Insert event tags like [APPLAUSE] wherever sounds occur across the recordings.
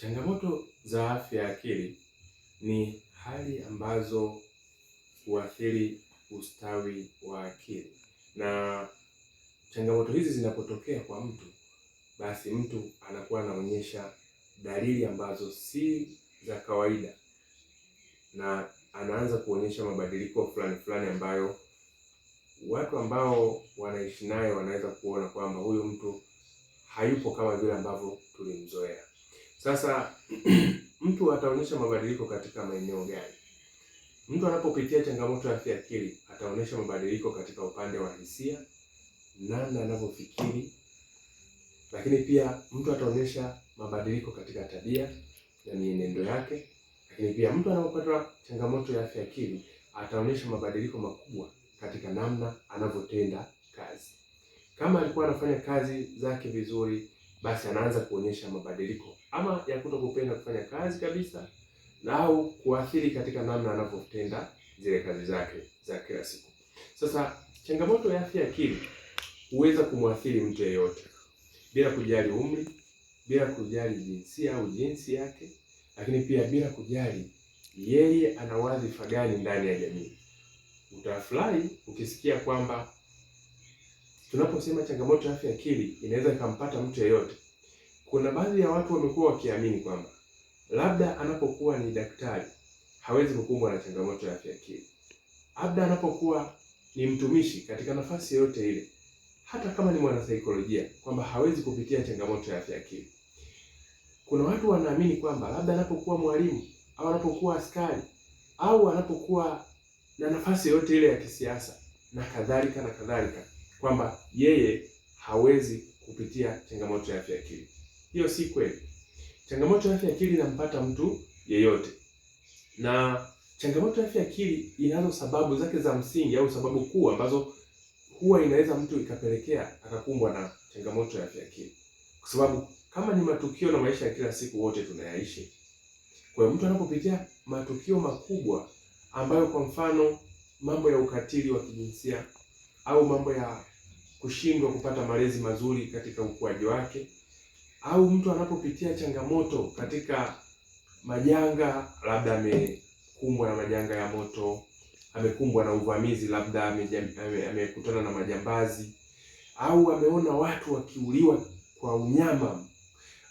Changamoto za afya ya akili ni hali ambazo huathiri ustawi wa akili, na changamoto hizi zinapotokea kwa mtu, basi mtu anakuwa anaonyesha dalili ambazo si za kawaida, na anaanza kuonyesha mabadiliko fulani fulani ambayo watu ambao wanaishi naye wanaweza kuona kwamba huyu mtu hayupo kama vile ambavyo tulimzoea. Sasa [CLEARS THROAT] mtu ataonyesha mabadiliko katika maeneo gani? Mtu anapopitia changamoto ya afya ataonyesha mabadiliko katika upande wa hisia, namna anavyofikiri, lakini pia mtu ataonyesha mabadiliko katika tabia na mienendo yake. Lakini pia mtu anapopata changamoto ya afya ataonyesha mabadiliko makubwa katika namna anavyotenda kazi. Kama alikuwa anafanya kazi zake vizuri, basi anaanza kuonyesha mabadiliko ama ya kuto kupenda kufanya kazi kabisa, na au kuathiri katika namna anavyotenda zile kazi zake za kila siku. Sasa changamoto ya afya akili huweza kumwathiri mtu yeyote bila kujali umri, bila kujali jinsia au jinsi yake, lakini pia bila kujali yeye ana wadhifa gani ndani ya jamii. Utafurahi ukisikia kwamba tunaposema changamoto ya afya akili inaweza ikampata mtu yeyote kuna baadhi ya watu wamekuwa wakiamini kwamba labda anapokuwa ni daktari hawezi kukumbwa na changamoto ya afya akili, labda anapokuwa ni mtumishi katika nafasi yoyote ile, hata kama ni mwanasaikolojia, kwamba hawezi kupitia changamoto ya afya akili. Kuna watu wanaamini kwamba labda anapokuwa mwalimu au anapokuwa askari au anapokuwa na nafasi yoyote ile ya kisiasa na kadhalika na kadhalika, kwamba yeye hawezi kupitia changamoto ya afya akili. Hiyo si kweli. Changamoto ya afya akili inampata mtu yeyote, na changamoto ya afya akili inazo sababu zake za msingi au sababu kuu ambazo huwa inaweza mtu ikapelekea akakumbwa na changamoto ya afya akili, kwa sababu kama ni matukio na maisha ya kila siku wote tunayaishi. Kwa mtu anapopitia matukio makubwa ambayo, kwa mfano, mambo ya ukatili wa kijinsia au mambo ya kushindwa kupata malezi mazuri katika ukuaji wake au mtu anapopitia changamoto katika majanga, labda amekumbwa na majanga ya moto, amekumbwa na uvamizi, labda amekutana na majambazi, au ameona watu wakiuliwa kwa unyama,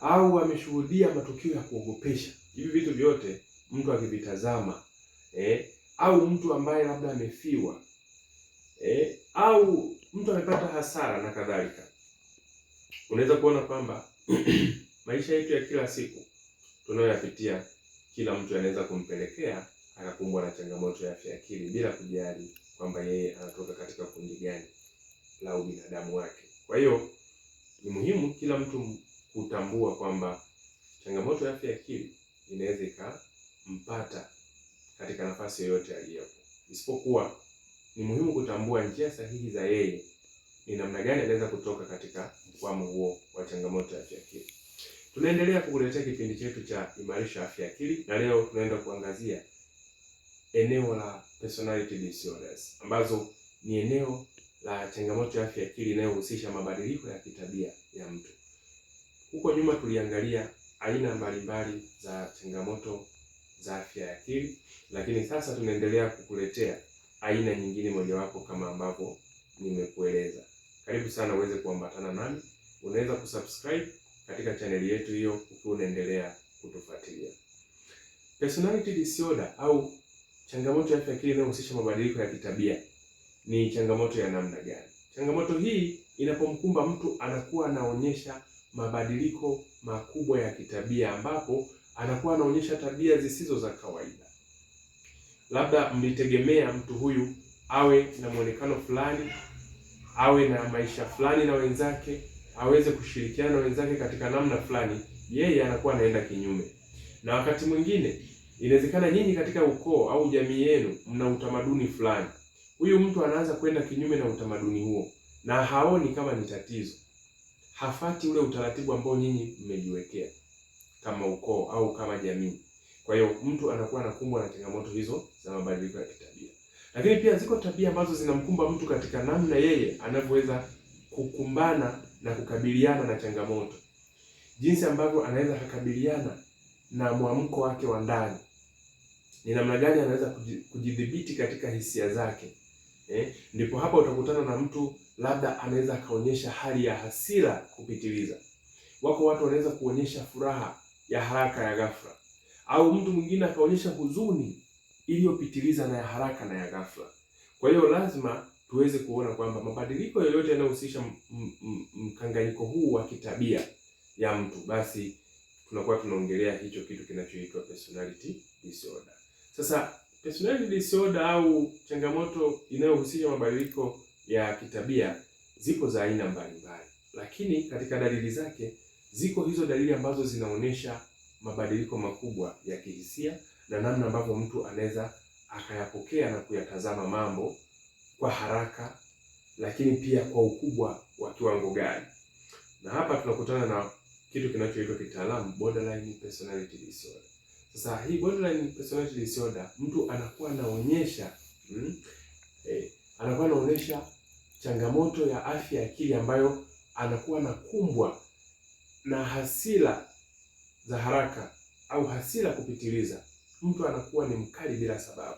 au ameshuhudia matukio ya kuogopesha. Hivi vitu vyote mtu akivitazama eh, au mtu ambaye labda amefiwa eh, au mtu amepata hasara na kadhalika, unaweza kuona kwamba [CLEARS THROAT] maisha yetu ya kila siku tunayoyapitia, kila mtu anaweza kumpelekea akakumbwa na changamoto ya afya akili bila kujali kwamba yeye anatoka katika kundi gani la ubinadamu wake. Kwa hiyo ni muhimu kila mtu kutambua kwamba changamoto ya afya akili inaweza ikampata katika nafasi yoyote aliyopo, isipokuwa ni muhimu kutambua njia sahihi za yeye ni namna gani anaweza kutoka katika mkwamo huo wa changamoto ya kiakili. Tunaendelea kukuletea kipindi chetu cha Imarisha Afya ya Akili, na leo tunaenda kuangazia eneo la personality disorders, ambazo ni eneo la changamoto ya afya ya akili inayohusisha mabadiliko ya kitabia ya mtu. Huko nyuma tuliangalia aina mbalimbali za changamoto za afya ya akili, lakini sasa tunaendelea kukuletea aina nyingine mojawapo kama ambavyo nimekueleza. Karibu sana uweze kuambatana nami. Unaweza kusubscribe katika chaneli yetu hiyo ukiwa unaendelea kutufuatilia. Personality disorder au changamoto ya afya akili inayohusisha mabadiliko ya kitabia ni changamoto ya namna gani? Changamoto hii inapomkumba mtu anakuwa anaonyesha mabadiliko makubwa ya kitabia, ambapo anakuwa anaonyesha tabia zisizo za kawaida. Labda mlitegemea mtu huyu awe na mwonekano fulani awe na maisha fulani na wenzake, aweze kushirikiana na wenzake katika namna fulani, yeye anakuwa anaenda kinyume. Na wakati mwingine inawezekana nyinyi katika ukoo au jamii yenu mna utamaduni fulani, huyu mtu anaanza kwenda kinyume na utamaduni huo na haoni kama ni tatizo, hafati ule utaratibu ambao nyinyi mmejiwekea kama ukoo au kama jamii. Kwa hiyo mtu anakuwa anakumbwa na changamoto hizo za mabadiliko ya kitabia. Lakini pia ziko tabia ambazo zinamkumba mtu katika namna yeye anavyoweza kukumbana na kukabiliana na changamoto, jinsi ambavyo anaweza kukabiliana na mwamko wake wa ndani, ni namna gani anaweza kujidhibiti katika hisia zake. Eh, ndipo hapa utakutana na mtu labda anaweza akaonyesha hali ya hasira kupitiliza. Wako watu wanaweza kuonyesha furaha ya haraka ya ghafla, au mtu mwingine akaonyesha huzuni iliyopitiliza na ya haraka na ya ghafla. Kwa hiyo lazima tuweze kuona kwamba mabadiliko yoyote yanayohusisha mkanganyiko huu wa kitabia ya mtu, basi tunakuwa tunaongelea hicho kitu kinachoitwa personality disorder. Sasa personality disorder au changamoto inayohusisha mabadiliko ya kitabia zipo za aina mbalimbali, lakini katika dalili zake ziko hizo dalili ambazo zinaonyesha mabadiliko makubwa ya kihisia na namna ambavyo mtu anaweza akayapokea na kuyatazama mambo kwa haraka, lakini pia kwa ukubwa wa kiwango gani. Na hapa tunakutana na kitu kinachoitwa kitaalamu borderline personality disorder. Sasa hii borderline personality disorder, mtu anakuwa anaonyesha mm, eh, anakuwa anaonyesha changamoto ya afya ya akili ambayo anakuwa anakumbwa na hasira za haraka au hasira kupitiliza mtu anakuwa ni mkali bila sababu,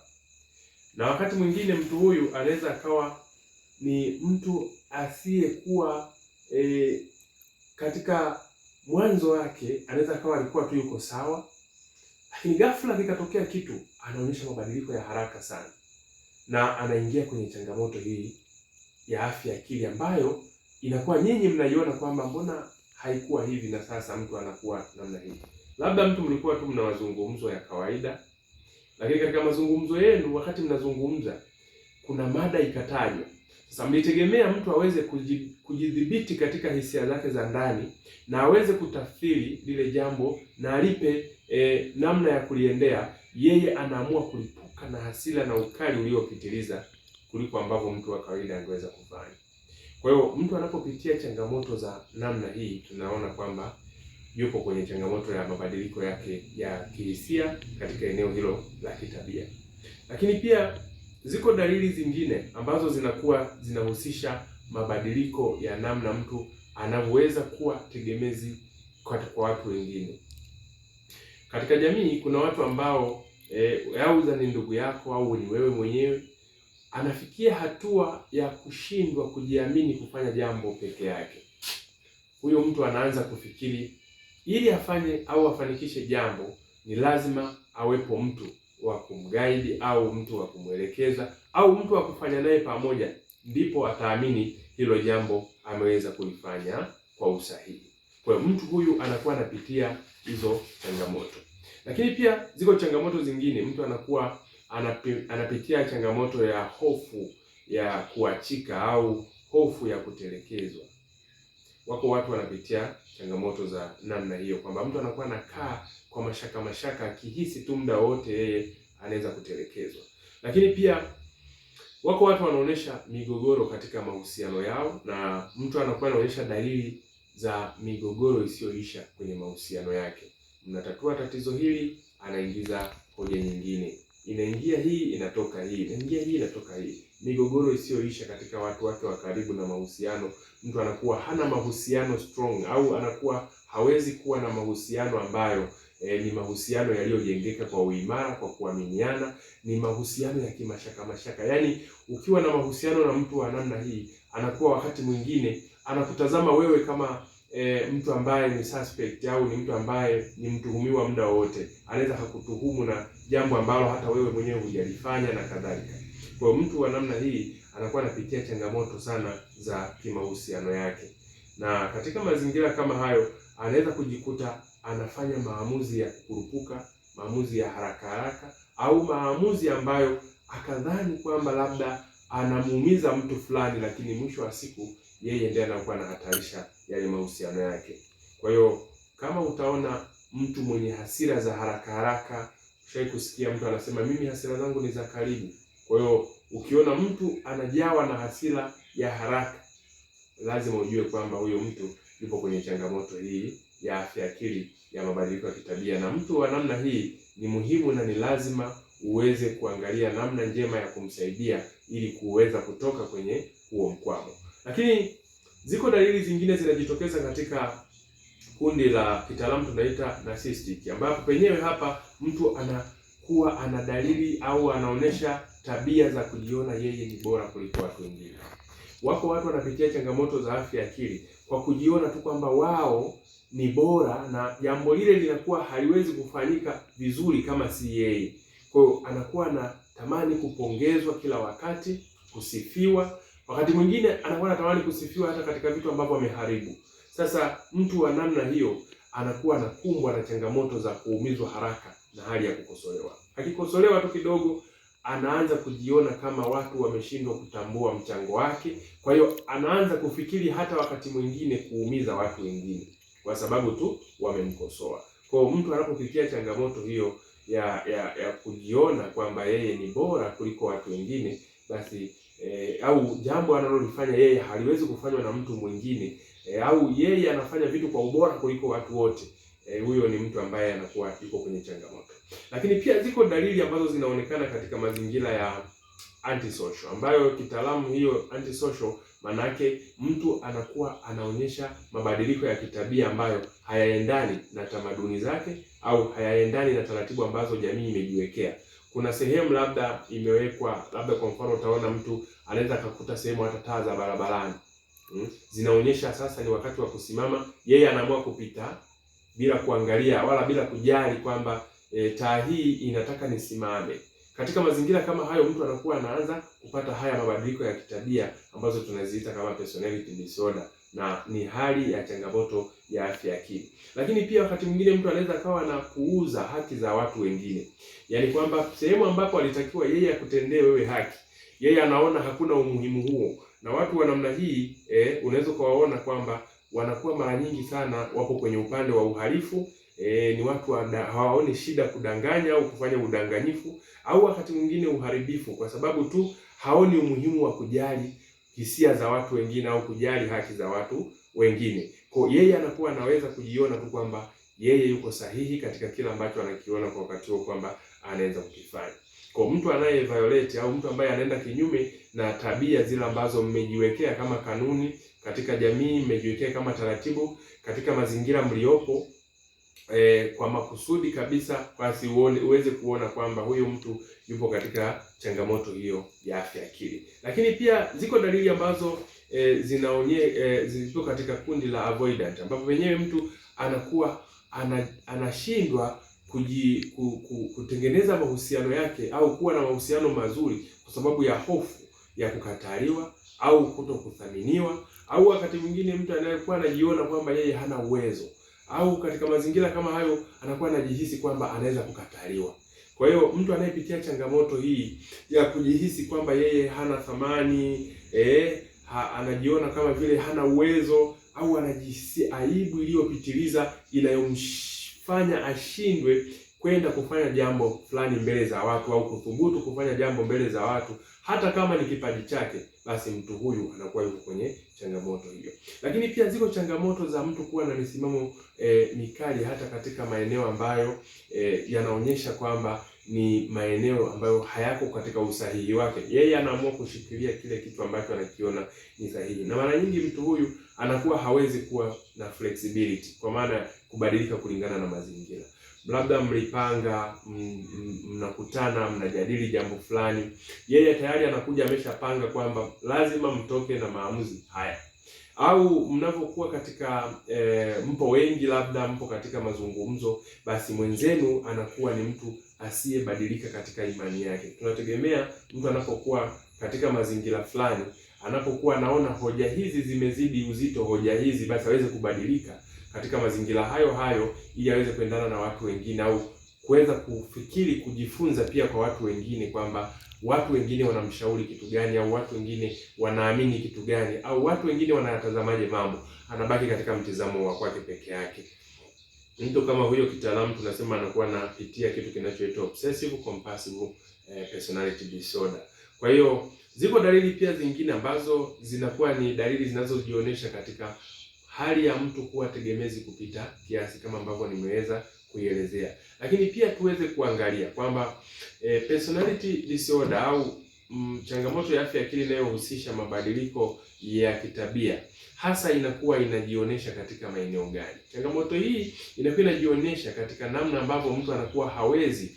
na wakati mwingine mtu huyu anaweza akawa ni mtu asiyekuwa e, katika mwanzo wake anaweza akawa alikuwa tu yuko sawa, lakini ghafla kikatokea kitu, anaonyesha mabadiliko ya haraka sana, na anaingia kwenye changamoto hii ya afya akili ambayo inakuwa nyinyi mnaiona kwamba mbona haikuwa hivi na sasa mtu anakuwa namna hii labda mtu mlikuwa tu mna mazungumzo ya kawaida, lakini katika mazungumzo yenu, wakati mnazungumza, kuna mada ikatajwa. Sasa mlitegemea mtu aweze kujidhibiti katika hisia zake za ndani na aweze kutafsiri lile jambo na alipe e, namna ya kuliendea. Yeye anaamua kulipuka na hasira na ukali uliopitiliza kuliko ambavyo mtu wa kawaida angeweza kufanya. Kwa hiyo mtu anapopitia changamoto za namna hii, tunaona kwamba yuko kwenye changamoto ya mabadiliko yake ya kihisia katika eneo hilo la kitabia. Lakini pia ziko dalili zingine ambazo zinakuwa zinahusisha mabadiliko ya namna mtu anavyoweza kuwa tegemezi kwa watu wengine. Katika jamii kuna watu ambao eh, auza ni ndugu yako au ni wewe mwenyewe, anafikia hatua ya kushindwa kujiamini kufanya jambo peke yake. Huyo mtu anaanza kufikiri ili afanye au afanikishe jambo, ni lazima awepo mtu wa kumguide au mtu wa kumwelekeza au mtu wa kufanya naye pamoja, ndipo ataamini hilo jambo ameweza kulifanya kwa usahihi. Kwa hiyo mtu huyu anakuwa anapitia hizo changamoto, lakini pia ziko changamoto zingine. Mtu anakuwa anapitia changamoto ya hofu ya kuachika au hofu ya kutelekezwa. Wako watu wanapitia changamoto za namna hiyo, kwamba mtu anakuwa anakaa kwa mashaka mashaka, akihisi tu muda wote yeye anaweza kutelekezwa. Lakini pia wako watu wanaonyesha migogoro katika mahusiano yao, na mtu anakuwa anaonyesha dalili za migogoro isiyoisha kwenye mahusiano yake. Mnatatua tatizo hili, anaingiza hoja nyingine, inaingia hii, inatoka hii, inaingia hii, inatoka hii migogoro isiyoisha katika watu wake wa karibu na mahusiano. Mtu anakuwa hana mahusiano strong au anakuwa hawezi kuwa na mahusiano ambayo E, ni mahusiano yaliyojengeka kwa uimara, kwa kuaminiana, ni mahusiano ya kimashaka mashaka. Yaani, ukiwa na mahusiano na mtu wa namna hii, anakuwa wakati mwingine anakutazama wewe kama e, mtu ambaye ni suspect au ni mtu ambaye ni mtuhumiwa muda wowote, anaweza hakutuhumu na jambo ambalo hata wewe mwenyewe hujalifanya na kadhalika. Kwa mtu wa namna hii anakuwa anapitia changamoto sana za kimahusiano yake, na katika mazingira kama hayo anaweza kujikuta anafanya maamuzi ya kurupuka, maamuzi ya haraka haraka, au maamuzi ambayo akadhani kwamba labda anamuumiza mtu fulani, lakini mwisho wa siku yeye ndiye anakuwa anahatarisha yale mahusiano yake. Kwa hiyo kama utaona mtu mwenye hasira za haraka haraka, ushawahi kusikia mtu anasema mimi hasira zangu ni za karibu kwa hiyo ukiona mtu anajawa na hasira ya haraka, lazima ujue kwamba huyo mtu yupo kwenye changamoto hii ya afya akili ya mabadiliko ya kitabia, na mtu wa namna hii ni muhimu na ni lazima uweze kuangalia namna njema ya kumsaidia ili kuweza kutoka kwenye huo mkwamo. Lakini ziko dalili zingine zinajitokeza katika kundi la kitaalamu tunaita narcissistic, ambapo penyewe hapa mtu anakuwa ana dalili au anaonyesha tabia za kujiona yeye ni bora kuliko watu wengine. Wako watu wanapitia changamoto za afya ya akili kwa kujiona tu kwamba wao ni bora na jambo lile linakuwa haliwezi kufanyika vizuri kama si yeye. Kwa hiyo anakuwa tamani kupongezwa kila wakati, kusifiwa. Wakati mwingine anakuwa anatamani kusifiwa hata katika vitu ambavyo ameharibu. Sasa mtu wa namna hiyo anakuwa anakumbwa na changamoto za kuumizwa haraka na hali ya kukosolewa. Akikosolewa tu kidogo anaanza kujiona kama watu wameshindwa kutambua mchango wake. Kwa hiyo anaanza kufikiri hata wakati mwingine kuumiza watu wengine kwa sababu tu wamemkosoa. Kwa hiyo mtu anapofikia changamoto hiyo ya ya, ya kujiona kwamba yeye ni bora kuliko watu wengine, basi eh, au jambo analolifanya yeye haliwezi kufanywa na mtu mwingine eh, au yeye anafanya vitu kwa ubora kuliko watu wote, eh, huyo ni mtu ambaye anakuwa yuko kwenye changamoto. Lakini pia ziko dalili ambazo zinaonekana katika mazingira ya antisocial, ambayo kitaalamu hiyo antisocial maana mtu anakuwa anaonyesha mabadiliko ya kitabia ambayo hayaendani na tamaduni zake au hayaendani na taratibu ambazo jamii imejiwekea. Kuna sehemu labda imewekwa, labda kwa mfano utaona mtu anaweza akakuta sehemu hata taa za barabarani hmm, zinaonyesha sasa ni wakati wa kusimama, yeye anaamua kupita bila kuangalia wala bila kujali kwamba e, taa hii inataka nisimame. Katika mazingira kama hayo, mtu anakuwa anaanza kupata haya mabadiliko ya kitabia ambazo tunaziita kama personality disorder, na ni hali ya changamoto ya afya ya akili. Lakini pia wakati mwingine mtu anaweza akawa na kuuza haki za watu wengine, yaani kwamba sehemu ambapo alitakiwa yeye akutendee wewe haki, yeye anaona hakuna umuhimu huo, na watu wa namna hii eh, unaweza ukawaona kwamba wanakuwa mara nyingi sana wapo kwenye upande wa uhalifu e, ni watu hawaoni shida kudanganya au kufanya udanganyifu au wakati mwingine uharibifu, kwa sababu tu haoni umuhimu wa kujali hisia za watu wengine au kujali haki za watu wengine. Kwa yeye anakuwa anaweza kujiona tu kwamba yeye yuko sahihi katika kila ambacho anakiona kwa wakati huo kwamba anaweza kukifanya. Kwa mtu anaye violate au mtu ambaye anaenda kinyume na tabia zile ambazo mmejiwekea kama kanuni katika jamii, mmejiwekea kama taratibu katika mazingira mliopo e, kwa makusudi kabisa, basi uweze kuona kwamba huyu mtu yupo katika changamoto hiyo ya afya akili. Lakini pia ziko dalili ambazo e, zinaonye e, eh, zilizo katika kundi la avoidant, ambapo wenyewe mtu anakuwa anashindwa kuji, ku, ku, kutengeneza mahusiano yake au kuwa na mahusiano mazuri kwa sababu ya hofu ya kukataliwa au kuto kuthaminiwa, au wakati mwingine mtu anayekuwa anajiona kwamba yeye hana uwezo au katika mazingira kama hayo anakuwa anajihisi kwamba anaweza kukataliwa. Kwa hiyo mtu anayepitia changamoto hii ya kujihisi kwamba yeye hana thamani eh, ha, anajiona kama vile hana uwezo au anajihisi aibu iliyopitiliza inayomfanya ashindwe kwenda kufanya jambo fulani mbele za watu au kuthubutu kufanya jambo mbele za watu, hata kama ni kipaji chake, basi mtu huyu anakuwa yuko kwenye changamoto hiyo. Lakini pia ziko changamoto za mtu kuwa na misimamo e, mikali hata katika maeneo ambayo e, yanaonyesha kwamba ni maeneo ambayo hayako katika usahihi wake. Yeye anaamua kushikilia kile kitu ambacho anakiona ni sahihi, na mara nyingi mtu huyu anakuwa hawezi kuwa na flexibility, kwa maana kubadilika kulingana na mazingira labda mlipanga mnakutana mnajadili jambo fulani, yeye tayari anakuja ameshapanga kwamba lazima mtoke na maamuzi haya. Au mnapokuwa katika e, mpo wengi, labda mpo katika mazungumzo, basi mwenzenu anakuwa ni mtu asiyebadilika katika imani yake. Tunategemea mtu anapokuwa katika mazingira fulani, anapokuwa anaona hoja hizi zimezidi uzito, hoja hizi basi aweze kubadilika katika mazingira hayo hayo ili aweze kuendana na watu wengine au kuweza kufikiri kujifunza pia kwa watu wengine kwamba watu wengine wanamshauri kitu gani au watu wengine wanaamini kitu gani au watu wengine wanayatazamaje mambo. Anabaki katika mtizamo wa kwake peke yake. Mtu kama huyo kitaalamu tunasema anakuwa anapitia kitu kinachoitwa obsessive compulsive eh, personality disorder. Kwa hiyo ziko dalili pia zingine ambazo zinakuwa ni dalili zinazojionyesha katika hali ya mtu kuwa tegemezi kupita kiasi kama ambavyo nimeweza kuielezea. Lakini pia tuweze kuangalia kwamba e, personality disorder au mm, changamoto ya afya akili inayohusisha mabadiliko ya kitabia hasa inakuwa inajionyesha katika maeneo gani? Changamoto hii inakuwa inajionyesha katika namna ambavyo mtu anakuwa hawezi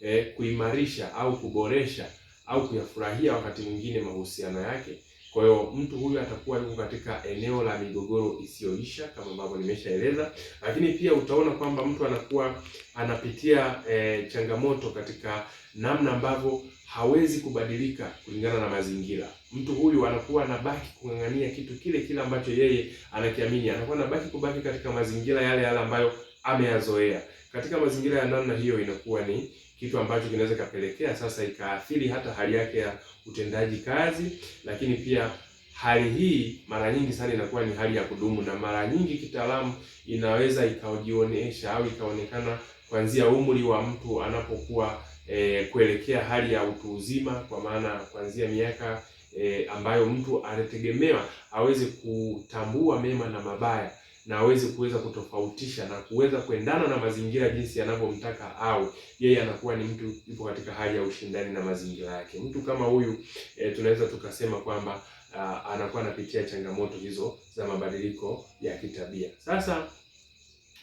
eh, kuimarisha au kuboresha au kuyafurahia wakati mwingine mahusiano yake kwa hiyo mtu huyu atakuwa yuko katika eneo la migogoro isiyoisha kama ambavyo nimeshaeleza, lakini pia utaona kwamba mtu anakuwa anapitia e, changamoto katika namna ambavyo hawezi kubadilika kulingana na mazingira. Mtu huyu anakuwa anabaki kung'ang'ania kitu kile kile ambacho yeye anakiamini, anakuwa anabaki kubaki katika mazingira yale yale ambayo ameyazoea. Katika mazingira ya namna hiyo inakuwa ni kitu ambacho kinaweza kapelekea sasa ikaathiri hata hali yake ya utendaji kazi, lakini pia hali hii mara nyingi sana inakuwa ni hali ya kudumu, na mara nyingi kitaalamu inaweza ikajionesha au ikaonekana kuanzia umri wa mtu anapokuwa e, kuelekea hali ya utu uzima, kwa maana kuanzia miaka e, ambayo mtu anategemewa aweze kutambua mema na mabaya na aweze kuweza kutofautisha na kuweza kuendana na mazingira jinsi yanavyomtaka, au yeye anakuwa ni mtu yupo katika hali ya ushindani na mazingira yake. Mtu kama huyu e, tunaweza tukasema kwamba Uh, anakuwa anapitia changamoto hizo za mabadiliko ya kitabia. Sasa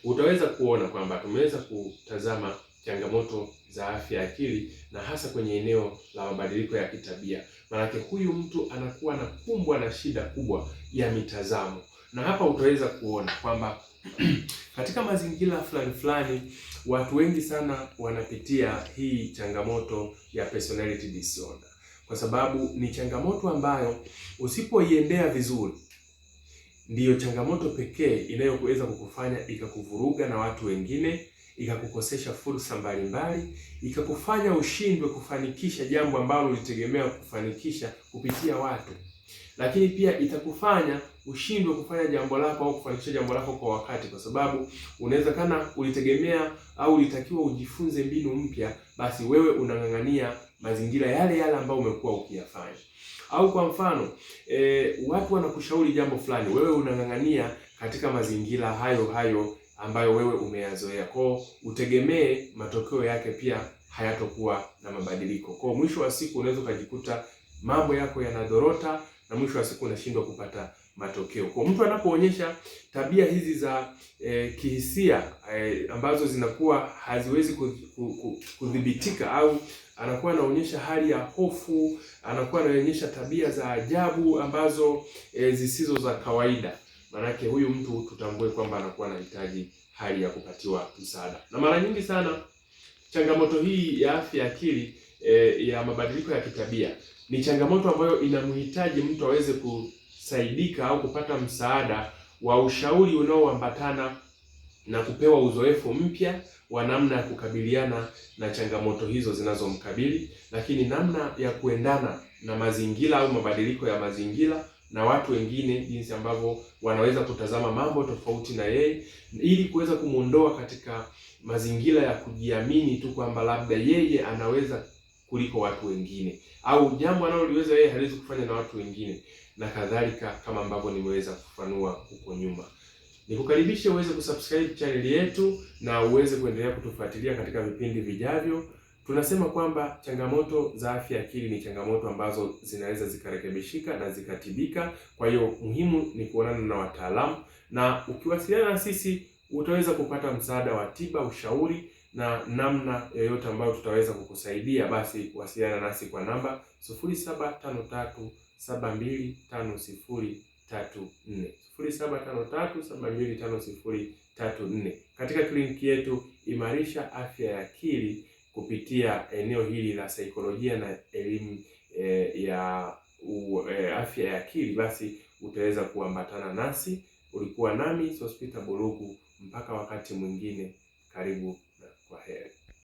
utaweza kuona kwamba tumeweza kutazama changamoto za afya akili na hasa kwenye eneo la mabadiliko ya kitabia. Maanake huyu mtu anakuwa anakumbwa na shida kubwa ya mitazamo. Na hapa utaweza kuona kwamba [CLEARS THROAT] katika mazingira fulani fulani watu wengi sana wanapitia hii changamoto ya personality disorder, kwa sababu ni changamoto ambayo usipoiendea vizuri ndiyo changamoto pekee inayoweza kukufanya ikakuvuruga na watu wengine, ikakukosesha fursa mbalimbali, ikakufanya ushindwe kufanikisha jambo ambalo ulitegemea kufanikisha kupitia watu lakini pia itakufanya ushindwe kufanya jambo lako au kufanikisha jambo lako kwa wakati, kwa sababu unawezekana ulitegemea au ulitakiwa ujifunze mbinu mpya, basi wewe unang'ang'ania mazingira yale yale ambayo umekuwa ukiyafanya. Au kwa mfano e, watu wanakushauri jambo fulani, wewe unang'ang'ania katika mazingira hayo hayo ambayo wewe umeyazoea, Kwa utegemee matokeo yake pia hayatokuwa na mabadiliko. Kwa mwisho wa siku unaweza ukajikuta mambo yako yanadorota na mwisho wa siku unashindwa kupata matokeo. Kwa mtu anapoonyesha tabia hizi za e, kihisia e, ambazo zinakuwa haziwezi kudhibitika au anakuwa anaonyesha hali ya hofu, anakuwa anaonyesha tabia za ajabu ambazo e, zisizo za kawaida. Maanake huyu mtu tutambue kwamba anakuwa anahitaji hali ya kupatiwa msaada. Na mara nyingi sana changamoto hii ya afya akili e, ya mabadiliko ya kitabia ni changamoto ambayo inamhitaji mtu aweze kusaidika au kupata msaada wa ushauri unaoambatana na kupewa uzoefu mpya wa namna ya kukabiliana na changamoto hizo zinazomkabili, lakini namna ya kuendana na mazingira au mabadiliko ya mazingira na watu wengine, jinsi ambavyo wanaweza kutazama mambo tofauti na yeye, ili kuweza kumwondoa katika mazingira ya kujiamini tu kwamba labda yeye anaweza kuliko watu wengine, au jambo analoliweza yeye haliwezi kufanya na watu wengine, na kadhalika, kama ambavyo nimeweza kufanua huko nyuma. Nikukaribishe uweze kusubscribe channel yetu na uweze kuendelea kutufuatilia katika vipindi vijavyo. Tunasema kwamba changamoto za afya akili ni changamoto ambazo zinaweza zikarekebishika na zikatibika. Kwa hiyo muhimu ni kuonana na wataalamu, na ukiwasiliana na sisi utaweza kupata msaada wa tiba, ushauri na namna yoyote ambayo tutaweza kukusaidia, basi wasiliana nasi kwa namba 0753725034 0753725034 katika kliniki yetu Imarisha Afya ya Akili kupitia eneo hili la saikolojia na elimu e, ya u, e, afya ya akili, basi utaweza kuambatana nasi. Ulikuwa nami Sospita Burugu, mpaka wakati mwingine, karibu. ahead